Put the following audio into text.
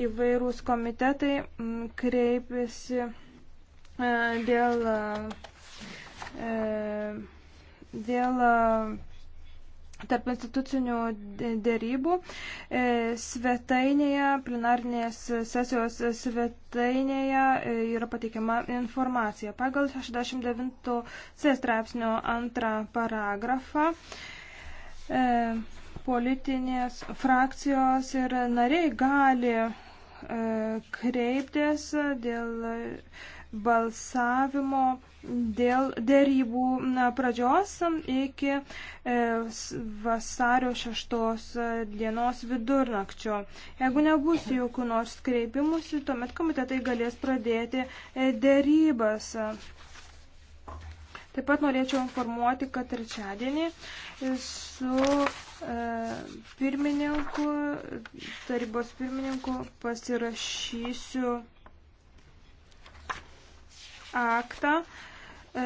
įvairūs komitetai mm, kreipėsi e, dėl, e, dėl e, tarp institucinių dėrybų. Svetainėje, plenarnės sesijos svetainėje yra pateikiama informacija. Pagal 69 C straipsnio antrą paragrafą politinės frakcijos ir nariai gali e, kreiptis dėl balsavimo dėl dėrybų pradžios iki e, vasario 6 dienos vidurnakčio. Jeigu nebus jokių nors kreipimusi, tuomet komitetai galės pradėti e, dėrybas. Taip pat norėčiau informuoti, kad trečiadienį su pirmininku, tarybos pirmininku pasirašysiu aktą. E,